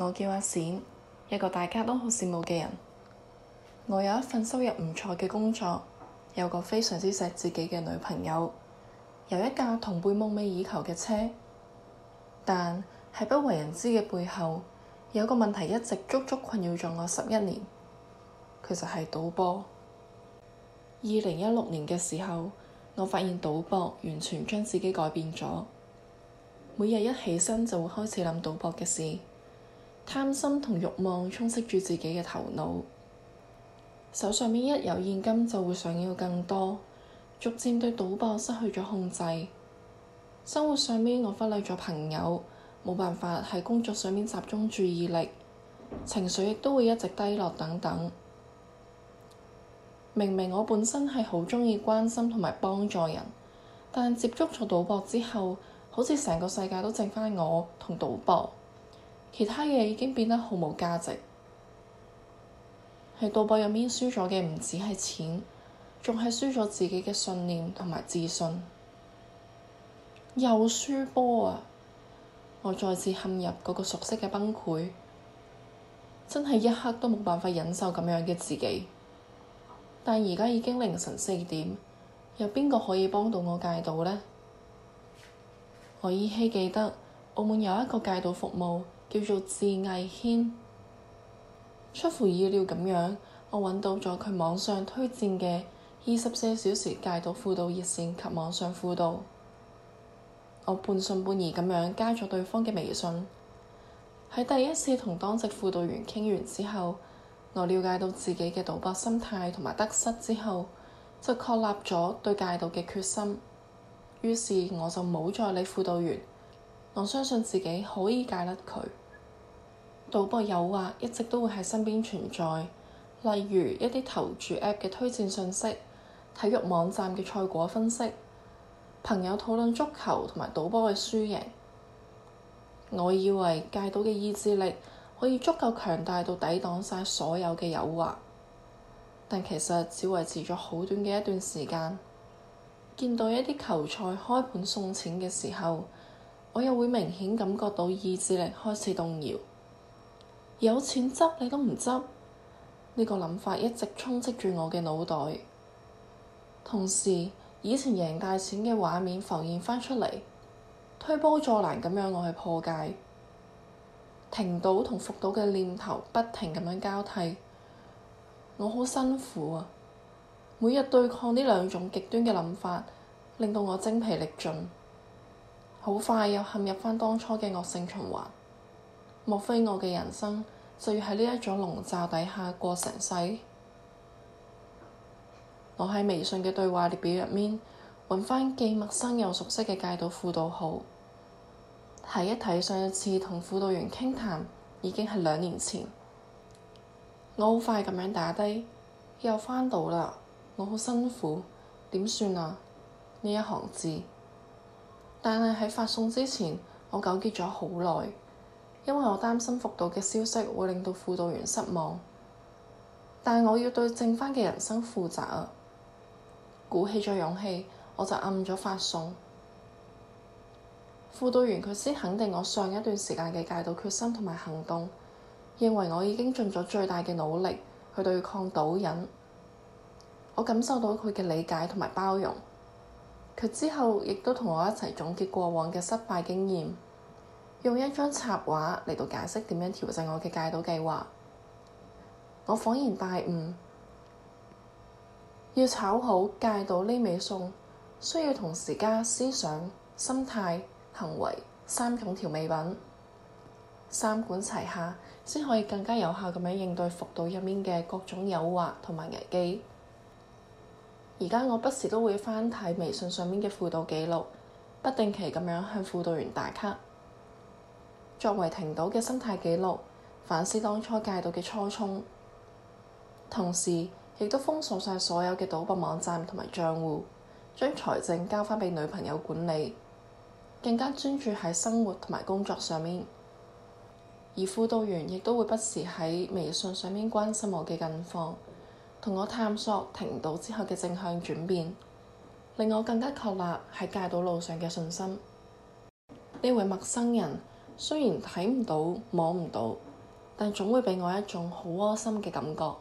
我叫阿閃，一個大家都好羨慕嘅人。我有一份收入唔錯嘅工作，有個非常之錫自己嘅女朋友，有一架同輩夢寐以求嘅車。但係不為人知嘅背後，有個問題一直足足困擾咗我十一年，佢就係賭博。二零一六年嘅時候，我發現賭博完全將自己改變咗，每日一起身就會開始諗賭博嘅事。貪心同慾望充斥住自己嘅頭腦，手上面一有現金就會想要更多，逐漸對賭博失去咗控制。生活上面我忽略咗朋友，冇辦法喺工作上面集中注意力，情緒亦都會一直低落等等。明明我本身係好鍾意關心同埋幫助人，但接觸咗賭博之後，好似成個世界都剩返我同賭博。其他嘢已經變得毫無價值，喺賭博入面輸咗嘅唔止係錢，仲係輸咗自己嘅信念同埋自信。又輸波啊！我再次陷入嗰個熟悉嘅崩潰，真係一刻都冇辦法忍受咁樣嘅自己。但而家已經凌晨四點，有邊個可以幫到我戒賭呢？我依稀記得澳門有一個戒賭服務。叫做智毅軒，出乎意料咁樣，我揾到咗佢網上推薦嘅二十四小時戒毒輔導熱線及網上輔導。我半信半疑咁樣加咗對方嘅微信。喺第一次同當值輔導員傾完之後，我了解到自己嘅賭博心態同埋得失之後，就確立咗對戒毒嘅決心。於是我就冇再理輔導員。我相信自己可以戒甩佢。賭博誘惑一直都會喺身邊存在，例如一啲投注 app 嘅推薦信息、體育網站嘅賽果分析、朋友討論足球同埋賭波嘅輸贏。我以為戒賭嘅意志力可以足夠強大到抵擋晒所有嘅誘惑，但其實只維持咗好短嘅一段時間。見到一啲球賽開盤送錢嘅時候，我又會明顯感覺到意志力開始動搖，有錢執你都唔執，呢個諗法一直充斥住我嘅腦袋，同時以前贏大錢嘅畫面浮現翻出嚟，推波助瀾咁樣我去破解停賭同復賭嘅念頭，不停咁樣交替，我好辛苦啊，每日對抗呢兩種極端嘅諗法，令到我精疲力盡。好快又陷入返當初嘅惡性循環，莫非我嘅人生就要喺呢一種籠罩底下過成世？我喺微信嘅對話列表入面，揾返既陌生又熟悉嘅戒毒輔導號，睇一睇上一次同輔導員傾談已經係兩年前。我好快咁樣打低，又返到啦，我好辛苦，點算啊？呢一行字。但係喺發送之前，我糾結咗好耐，因為我擔心復讀嘅消息會令到輔導員失望。但我要對剩翻嘅人生負責。鼓起咗勇氣，我就按咗發送。輔導員佢先肯定我上一段時間嘅戒毒決心同埋行動，認為我已經盡咗最大嘅努力去對抗毒癮。我感受到佢嘅理解同埋包容。佢之後亦都同我一齊總結過往嘅失敗經驗，用一張插畫嚟到解釋點樣調整我嘅戒賭計劃。我恍然大悟，要炒好戒賭呢味餸，需要同時加思想、心態、行為三種調味品，三管齊下，先可以更加有效咁樣應對復賭入面嘅各種誘惑同埋危機。而家我不時都會翻睇微信上面嘅輔導記錄，不定期咁樣向輔導員打卡，作為停賭嘅心態記錄，反思當初戒賭嘅初衷。同時亦都封鎖晒所有嘅賭博網站同埋賬戶，將財政交返畀女朋友管理，更加專注喺生活同埋工作上面。而輔導員亦都會不時喺微信上面關心我嘅近況。同我探索停賭之後嘅正向轉變，令我更加確立喺戒賭路上嘅信心。呢位陌生人雖然睇唔到、摸唔到，但總會畀我一種好窩心嘅感覺。